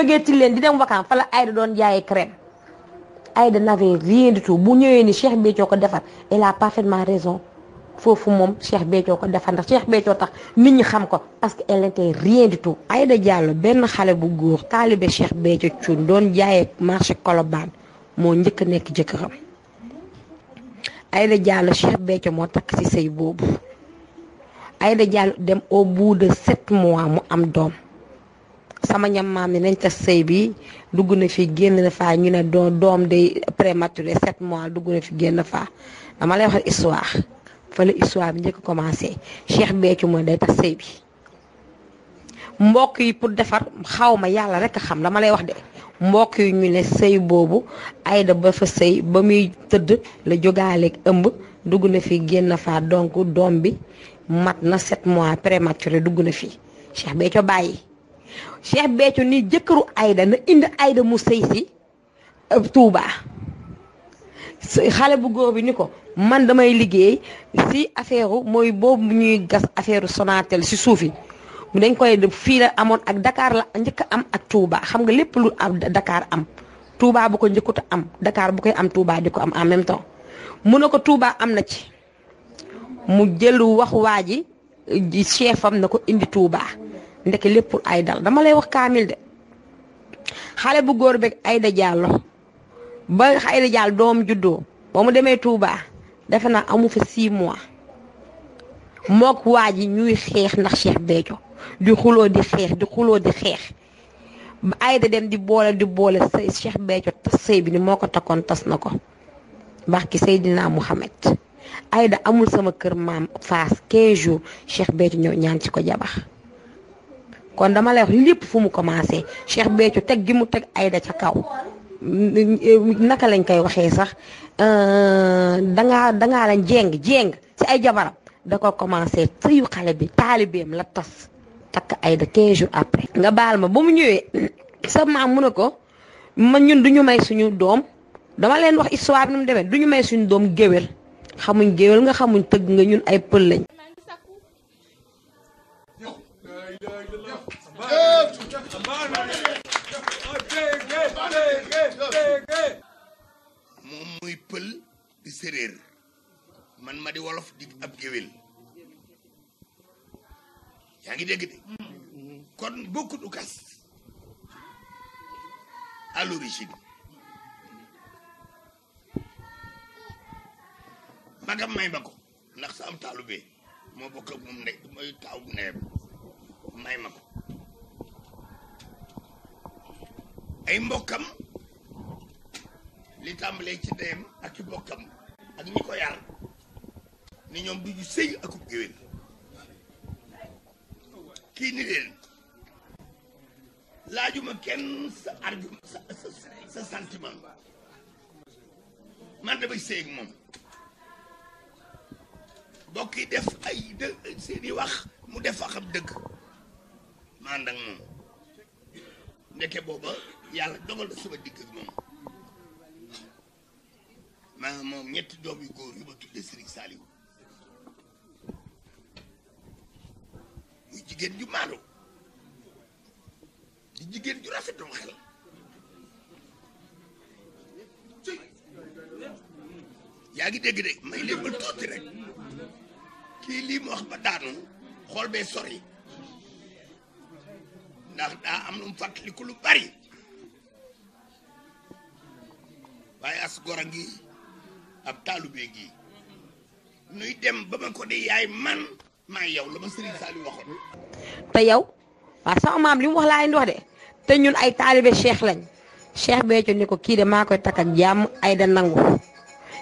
jógee ci leen di dem vacances fa la doon jaayee crème Aïda n'avait rien bu ñëwee ni Cheikh Béthio ko defar elle a parfaitement raison foofu moom Cheikh Béthio ko defar ndax Cheikh Béthio tax nit ñi xam ko parce que elle n'était rien du tout. benn xale bu góor taalibe Cheikh Béthio Thioune doon jaayee marché Colobane moo njëkk nekk jëkkëram Aïda Diallo Cheikh Béthio moo takk ci sëy boobu Aïda Diallo dem au bout de sept mois mu am doom. sama ñam maam ni nañ tas sëy bi dugg na fi génn na faa ñu ne doom doom day prématuré mois dugg na fi génn faa dama lay waxal histoire fa la bi njëkk commencé Cheikh Béthio mooy day tas sëy bi mbokk yi pour defar xaw ma yàlla rek xam dama lay wax de mbokk yu ñu ne sëy boobu ayda ba fa sëy ba muy tëdd la jógaaleeg ëmb dugg na fi génn faa donc doom bi mat na sept mois prématuré dugg na fi Cheikh Béthio bàyyi Cheikh Béthio ni jëkkëru Aïda na indi Aïda mu sëy si euh, Touba xale bu góor bi ni ko man damay liggéey si affaire mooy boobu ñuy gas affaire Sonatel si suuf yi dañ koy fii la amoon ak Dakar la njëkk am ak tuuba xam nga lépp lu am Dakar am Touba bu ko njëkkut am dakaar bu koy am Touba di ko am en même temps mu ne ko Touba am na ci mu jëlu wax waa ji chef am na ko indi Touba. ndeke lépp pour dama lay wax kaamil de xale bu góor beeg ayda Diallo ba Aïda Diallo doom juddoo ba mu demee Touba defe naa amu fa 6 mois mook waa ji ñuy xeex ndax Cheikh Béthio di xuloo di xeex di xuloo di xeex ba Aïda dem di boole di boole sëy Cheikh Béthio tas sëy bi ni moo ko takkoon tas na ko barki Seydina Muhammad Aïda amul sama kër maam Faas 15 jours Cheikh Béthio ñëw ñaan ci ko jabax kon dama lay wax lépp fu mu commencé Cheikh Béthio teg gi mu teg Aïda ca kaw naka lañ koy waxee sax euh, dangaa dangaa lañ jéng jéng ci ay jabaram da ko commencé sëyu xale bi taalibeem la tas takk Aïda 15 jours après. nga baal ma ba mu ñëwee sa maam mu ne ko ma ñun duñu may suñu doom dama leen wax histoire bi nu mu demee du ñu may suñu doom géwél xamuñ géwél nga xamuñ tëgg nga ñun ay pël lañ. moom muy pël di séréer man ma di wolof di ab géwél yaa ngi dégg de kon bokkut ukas à l'origine magam may ba ko ndax sa am taalubee moo bokk ak moom ndey mooy taawu ndeyam may ma ko ay mbokkam li tàmbalee ci ndeyam ak ci mbokkam ak ñi ko yar ni ñoom du ñu sëy akub géwél kii ni leen laajuma kenn sa argument sa sa man damay sëy ak moom bokki def ay seeni wax mu def waxam dëgg ànd moom ndeke booba yàlla dogal na sama digg ak moom maa moom ñetti doom yu góor yu ma tudde Serigne Saliou muy jigéen ju maanu di jigéen ju rafetum xel yaa ngi dégg de may leen ba tuuti rek kii lii wax ba daanu xool bee sori ndax daa am lu mu fàttaliku lu bari waaye as gora ngi ab taalubee gi nuy dem ba ma ko di yaay man maa yow la ma Serigne Saliou waxoon. te yow waaw sax maam li mu wax laa leen de te ñun ay taalibe cheikh lañ cheikh Béthio ni ko kii de maa koy takk jàmm ayda nangu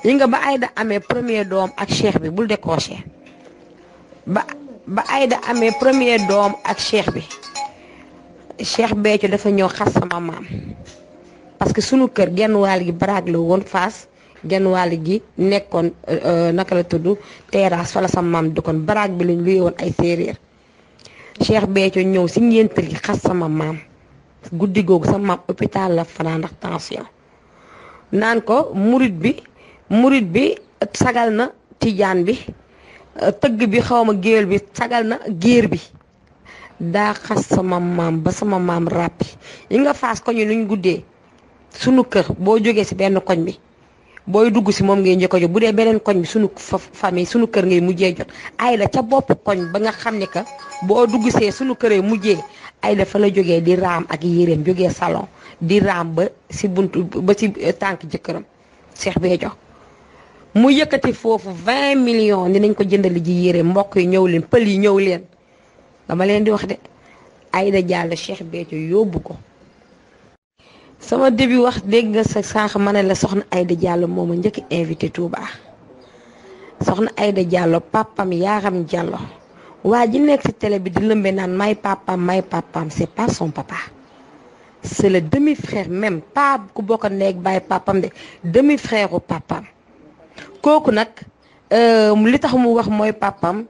yi nga ba Aïda amee premier doom ak cheikh bi bul décroché ba ba Aïda amee premier doom ak cheikh bi. Cheikh Béthio dafa ñëw xas sama maam parce que sunu kër genn wàll gi baraag la woon Fass genn wàll gi nekkoon euh, euh, naka la tudd terrasse fa la sama maam dëkkoon baraag bi lañ luye woon ay séeréer Cheikh Béthio ñëw si ngénte gi xas sama maam guddi googu sa maam hôpital la fanaan ndax tension naan ko murit bi murit bi sagal na tijaan bi euh, tëgg bi xawma géwél bi sagal na géer bi daa xas sama maam ba sama maam ràppi li nga faas koñ yi luñ guddee sunu kër boo jógee si benn koñ bi booy dugg si moom ngay njëkk a jot bu dee beneen koñ bi sunu fami sunu kër ngay mujjee jot Aida ca bopp koñ ba nga xam ne que boo dugg see sunu këree mujjee Aida la jógee di raam ak yéreem jógee salon di raam ba si buntu ba si eh, tànk jëkkëram Cheikh Béthio mu yëkkati foofu million millions nañ ko jëndali ji yére mbokk yi ñëw leen pël yi ñëw leen dama leen di wax de Aïda Diallo Cheikh Béthio yóbbu ko sama début wax dégg nga sa sànq ma ne la soxna Aïda Diallo moom a njëkk invité Touba soxna Aïda Diallo papam Yaram Diallo waa ji nekk ci tele bi di lëmbe naan may pàppam may papam c'est pas son c'est le demi-frère même pas ku bokk a nekk bàyyi pàppam de demi-frère u kooku nag euh, li tax mu wax mooy pàppam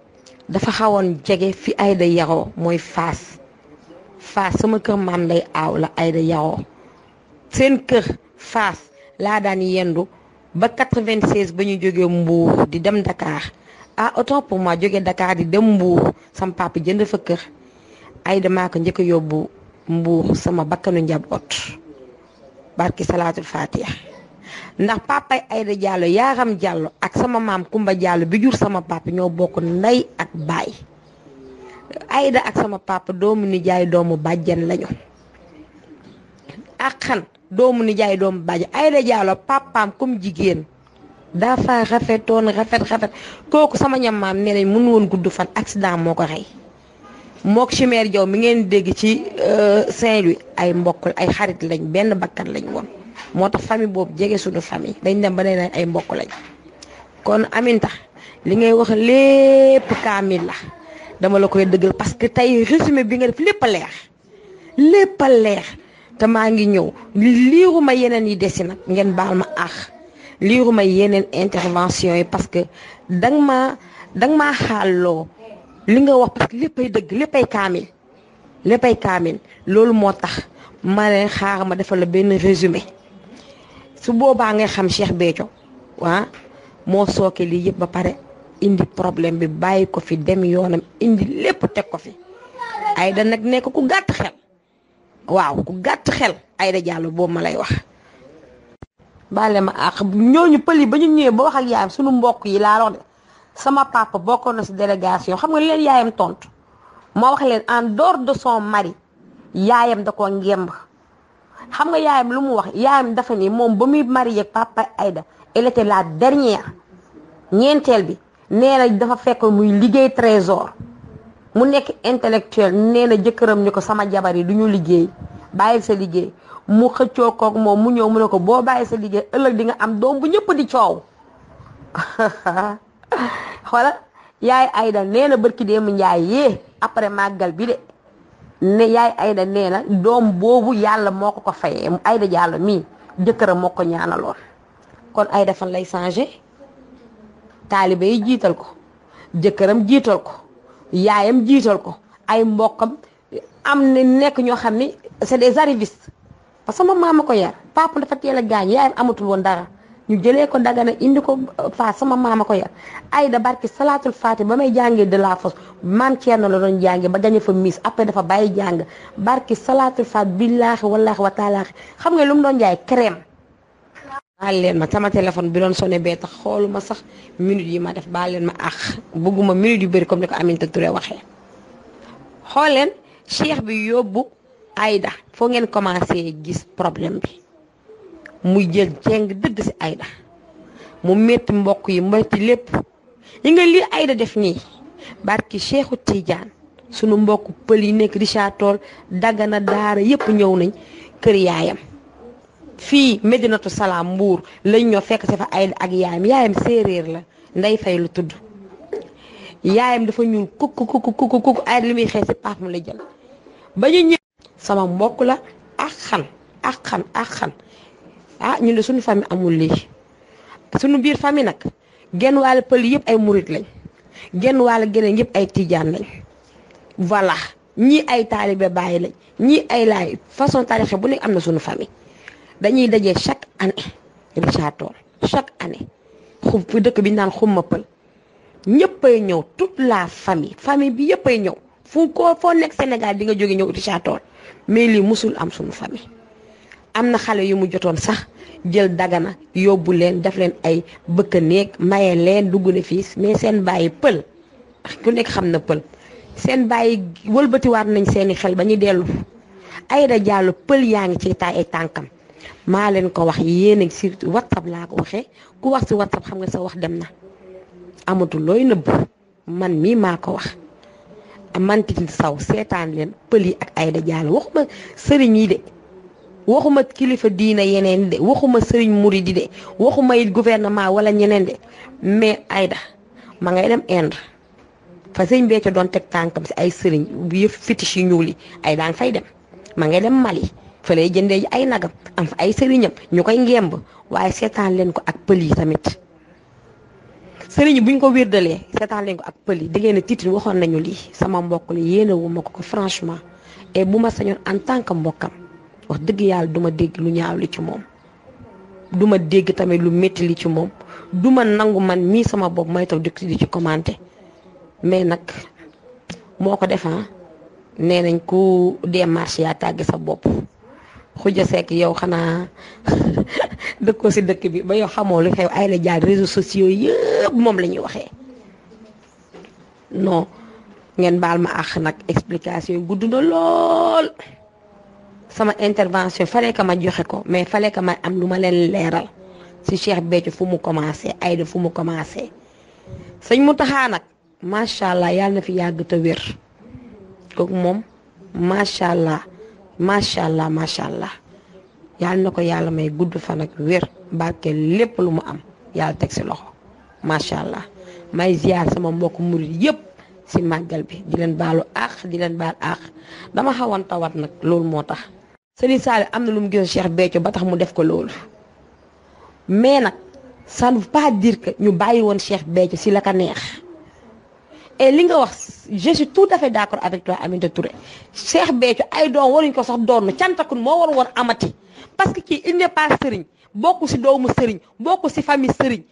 dafa xawoon jege fi Aïda yaroo mooy Fass Fass sama kër maam nday aaw la Aïda yaroo seen kër Fass laa daan yendu ba 96 ba ñuy jógee Mbour di dem Dakar ah autant pour jóge Dakar di dem Mbour sama papa jënd fa kër Aïda maa ko njëkk a yóbbu Mbour sama bakkanu njaboot barki salaatul fatiha ndax papay Aïda yaa xam Diallo ak sama maam Kumba Diallo bi jur sama papa ñoo bokk ndey ak baay Aïda ak sama papa doomu nijaay doomu bàjjen lañu ak xan doomu nijaay doomu bàjjen Aïda Diallo papaam comme jigéen dafa rafetoon rafet rafet kooku sama ñam maam nee nañ woon gudd fan accident moo ko rey mook chimère Jaw mi ngeen dégg ci euh, Saint-Louis ay mbokkul ay xarit lañ benn bakkan lañ woon. moo tax famille boobu jege suñu famille dañ dem ba nee nañ ay mbokk lañ kon Aminta li ngay wax lépp kaamil la dama la koy dëggal parce que tey résumé bi nga def lépp a leer lépp a leer te maa ngi ñëw li liiruma yeneen yi desi nag ngeen baal ma aax liiruma yeneen intervention yi parce que dang maa danga maa xàlloo li nga wax parce que lépp ay dëgg léppay kaamil ay kaamil loolu moo tax ma ne xaar ma defal la benn résumé su boobaa ngay xam Cheikh Béthio waa moo sooke lii yëpp ba pare indi problème bi bàyyi ko fi dem yoonam indi lépp teg ko fi ay nag nekk ku gàtt xel waaw ku gàtt xel Aïda Diallo boobu ma lay wax bale ma àq ñooñu pël yi ba ñu ñëwee ba wax ak yaayam suñu mbokk yi laa wax de sama papa bokkoon na si délégation xam nga leen yaayam tontu moo wax leen en dehors de son mari yaayam da koo ngemb xam nga yaayam lu mu wax yaayam dafa nii moom ba muy marié ak papa Aïda elle était la dernière ñeenteel bi nee na dafa fekk muy liggéey trésor mu nekk intellectuel nee na jëkkëram ni ko sama jabar yi du ñu liggéey bàyyi sa liggéey mu xëccoo koog moom mu ñëw mu ne ko boo bàyyi sa liggéey ëllëg di nga am doom bu ñëpp di coow xoola yaay Aïda nee na barki démb njaay yee après màggal bi de ne yaay Aida nee na doom boobu yàlla moo ko ko fayee Aida Diallo mii jëkkëram moo ko lool kon Aida fan lay changé taalibe yi jiital ko jëkkëram jiital ko yaayam jiital ko ay mbokkam am na nekk ñoo xam ni c'est des arrivistes parce que moom maam ma ko yar papa dafa teel a gaañ yaayam amatul woon dara ñu jëlee ko Dagana indi ko euh, Fass sama maama ko yar ayda barki salaatul faati ba may jàngee de la fosse maam Thierno la doon jàngee ba gañe fa miis après dafa bàyyi jàng barki salaatul faati billaahi wallaahi wa taalaahi xam nga lu mu doon jaay crème. baal leen ma sama téléphone bi doon sone bee tax xooluma sax minute yi ma def baal leen ma ax bëgguma minute yu bëri comme ni ko Aminata Touré waxee xool leen cheikh bi yóbbu Aïda foo ngeen commencé gis problème bi muy jël jeng dëgg si Aïda mu metti mbokk yi metti lépp yi nga lii Aïda def nii barki Cheikhu Tidiane sunu mbokk pël yi nekk Richard Toll Dagana Daara yépp ñëw nañ kër yaayam fii Medinatu Salaam Mbuur lañ ñoo fekk si fa Aïda ak yaayam yaayam séeréer la nday fay lu tudd yaayam dafa ñuul kuk kuk kuk kuk Aïda li muy xees si paaf mu la jël ba ñu ñëw sama mbokk la ak xan ak xan ak xan ah ñu de suñu famille amul lii suñu biir famille nag genn wàll pël yëpp ay murit lañ genn wàll geneen yëpp ay tijaan lañ voilà ñii ay taalibe bàyyi lañ ñii ay laay façon tarixe bu nekk am na suñu famille dañuy dajee chaque année Richard Toll chaque année xub fi dëkk bi ñu xum xumma pël ñëppay ñëw toute la famille famille bi yëppay ñëw fu ko foo nekk Sénégal di nga jóge ñëw Richard Toll mais lii musul am suñu famille am na xale yu mu jotoon sax jël dagana yóbbu leen def leen ay bëkk néeg maye leen dugg na fii mais seen bàyyi pël ku nekk xam na pël seen bàyyi wëlbatiwaat nañ seeni xel ba ñu dellu Aïda Diallo pël yaa ngi ci taay ay tànkam maa leen ko wax yéen a surtout laa ko waxee ku wax si whatsapp xam nga sa wax dem na amatul looy nëbbu man mii maa ko wax mantitin saw seetaan leen pël yi ak Aïda Diallo waxuma sëriñ yi de waxuma kilifa diina yeneen de waxuma sëriñ di de waxuma it gouvernement wala ñeneen de mais Aida ma ngay dem Inde fa sëñ Béthio doon teg tànkam si ay sëriñ yëf fétiche yu ñuul yi Aida nga dem ma ngay dem Mali fa lay ay nagam am ay sëriñam ñu koy ngemb waaye seetaan leen ko ak pël yi tamit sëriñ buñ ko wérdalee seetaan leen ko ak pël yi da ngeen a waxoon nañu lii sama mbokk la yéene ko ko franchement et bu ma sañoon en tant que mbokkam wax dëgg yàlla duma dégg lu ñaaw li ci moom duma dégg tamit lu métti li ci moom duma nangu man mii sama bopp may taw ci commenté mais nag moo ko defaa ah. nee nañ ku démarche yaa tàgg sa bopp xuja sekk yow xanaa dëkkoo si dëkk bi ba yow xamoo lu xew ay la jaar réseaux sociaux yëpp moom la ñuy waxee non ngeen baal ma àq nag explication yi gudd lool sama intervention fallait que ma joxe ko mais fallait que ma am lu ma leen leeral ci Cheikh Béthio fu mu commencé Aïda fu mu commencé sëñ Mountakha nag macha allah yàlla na fi yàgg te wér kooku moom macha allah macha allah macha allah yàlla na ko yàlla may gudd fan ak wér barke lépp lu mu am yàlla teg ci loxo macha allah may ziar sama mbokk murit yëpp ci màggal bi di leen baalu àq di leen baal àq dama xawoon tawat nag loolu moo tax. Serigne Saliou am na lu mu gis Cheikh Béthio ba tax mu def ko loolu mais nag ça pas dire que ñu bàyyi woon Cheikh Béthio si la ka neex li nga wax je tout à fait d'accord avec toi Aminata Touré Cheikh Béthio ay doom waruñ ko sax doon cantakun moo war woon amati parce que kii il n'est pas sëriñ bokku si doomu sëriñ bokku si famille sëriñ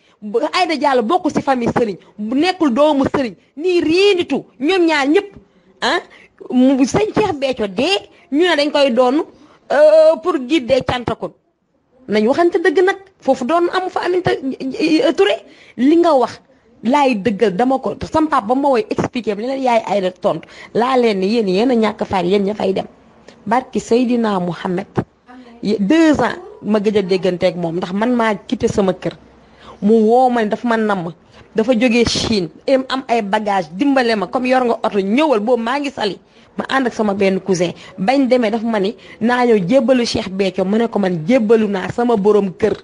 Aïda Diallo bokku si famille sëriñ nekkul doomu sëriñ nii riinitu ñoom ñaar ñëpp ah sëñ Cheikh dee ñu ne dañ koy doon Euh, pour guider cantakon nañ waxante dëgg nag foofu doon am fa am Aminta euh, Touré li nga wax laay dëggal dama ko sama papa ba ma woy expliqué bi li leen yaay ay rek tontu laa leen ni yéen yéen a ñàkk far yéen ña fay dem barki Seydina Mouhamed deux ans ma gëj a dégganteeg moom ndax man maa quitté sama kër mu woo ma ne dafa ma namm dafa jóge Chine am ay bagage dimbale ma comme yor nga oto ñëwal boobu maa ngi sali ma ànd ak sama benn cousin bañ demee dafa ma ni naa ñëw jébbalu Cheikh Béthio ma ne ko man jébbalu naa sama borom kër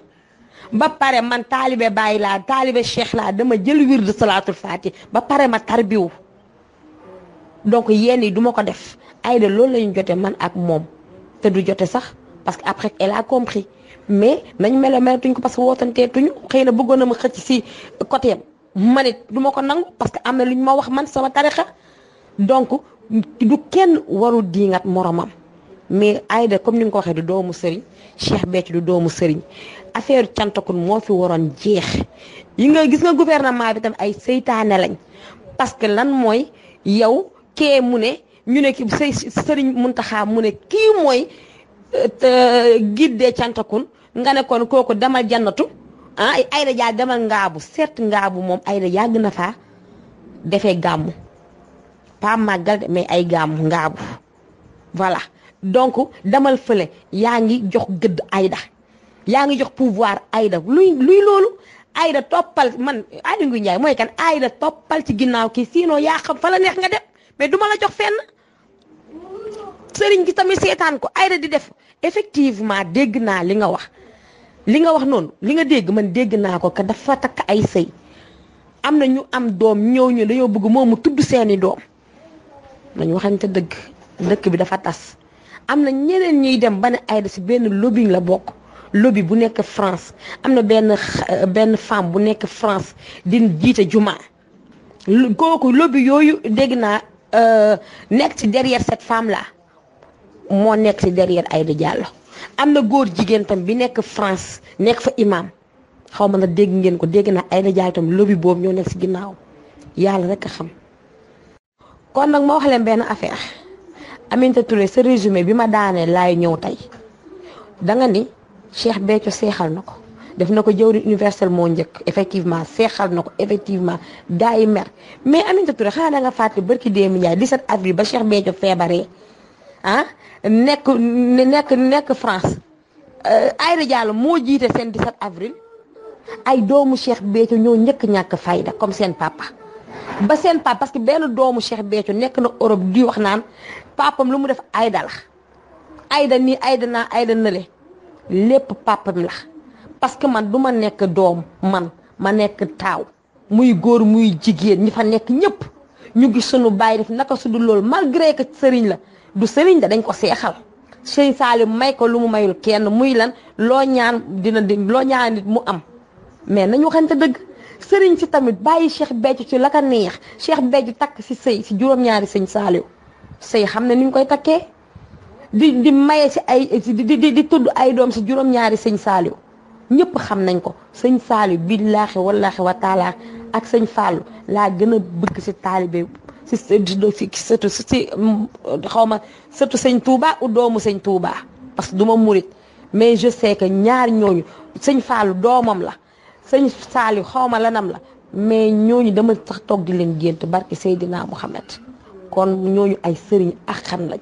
ba pare man taalibe bàyyi laa taalibe cheikh laa dama jël wird salaatul faati ba pare ma tarbiwu donc yenn yi duma ko def Aïda loolu la jote man ak moom te du jote sax parce que après elle a compris mais nañ mel melatuñ ko parce que wootanteetuñu xëy na bëggoon na ma xëcc si côté man it du ma ko nangu parce que am na lu ñu ma wax man sama tarixa donc du kenn warul diingat moromam mais Aïda comme ni nga ko waxee du doomu sëriñ Cheikh Béthio du doomu sëriñ affaire cantakun moo fi waroon jeex yi nga gis nga gouvernement bi tam ay seytaane lañ parce que lan mooy yow kee mu ne ñu ne ki sëriñ Muntaxa mu ne kii mooy giddee cantakun nga ne kooku demal jannatu ah ayda jaa demal ngaabu seet ngaabu moom ayda yàgg na faa defee gàmmu pas màggal mais ay gàmmu ngaabu voilà donc demal fële yaa ngi jox gëdd ayda yaa ngi jox pouvoir ayda luy luy loolu ayda toppal man Aly Ngouille Ndiaye mooy kan ayda toppal ci ginnaaw kii sinon yaa xam fa la neex nga dem mais duma la jox fenn sëriñ gi tamit seetaan ko ayda di def effectivement dégg naa li nga wax li nga wax noonu li nga dégg man dégg naa ko ka dafa takk ay sëy am na ñu am doom ñëw ñu dañoo bëgg moom mu tudd seeni doom nañu waxante dëgg dëkk bi dafa tas am na ñeneen ñuy dem ba ne Aida si benn lobbying la bokk lobby bu nekk France am na benn euh, benn femme bu nekk France di jiite jumaa kooku lobby yooyu dégg naa euh, nekk ci derrière cette femme là moo nekk ci derrière Aïda Diallo am na góor jigéen tam bi nekk France nekk fa imam xaw ma na dégg ngeen ko dégg naa Aïda Diallo tam lobby boobu ñoo nekk ci ginnaaw yàlla rek xam. kon nag ma wax leen benn affaire Aminata Touré sa résumé bi ma daanee laay ñëw tey danga ni Cheikh Béthio seexal na ko def na ko jëwriñ universel moo njëkk effectivement seexal na ko effectivement gars yi mer mais Aminata Touré xanaa da nga fàttali barki démb Ndiaye 17 avril ba Cheikh Béthio feebaree. ah nekk nekk nekk France euh, Aïda Diallo moo jiite seen diset avril ay doomu Cheikh beeco ñoo njëkk ñàkk fayda comme seen papa ba seen papa parce que benn doomu Cheikh Béthio nekk na Europe di wax naan papam lu mu def Aïda la Aïda nii Aïda naa Aïda nële lépp papam la parce que man du ma nekk doom man ma nekk taaw muy góor muy jigéen ñi fa nekk ñëpp ñu gis sunu bàyyi def naka su loolu malgré que sëriñ la du sëriñ da dañ ko seexal sëriñ Saaliw may ko lu mu mayul kenn muy lan loo ñaan dina di loo ñaan nit mu am mais nañu waxante dëgg sëriñ si tamit bàyyi Cheikh Béthio ci la ka neex Cheikh Béthio takk si sëy si juróom-ñaari sëñ Saaliw sëy xam ne ni ñu koy takkee di di maye si ay di di di tudd ay doom si juróom sëñ Saaliw ñëpp xam nañ ko sëñ Saaliw billaahi wallaahi wa taala ak sëñ Fallou laa gën a bëgg si taalibe si surtout si mm, xaw ma surtout sëñ Touba u doomu sëñ Touba parce que du ma murit mais je sais que ñaar ñooñu sëñ faalu doomam la sëñ Saliou xawma ma lanam la mais ñooñu dama sax toog leen gént barke Seydina Mouhamed kon ñooñu ay sëriñ ak xam lañ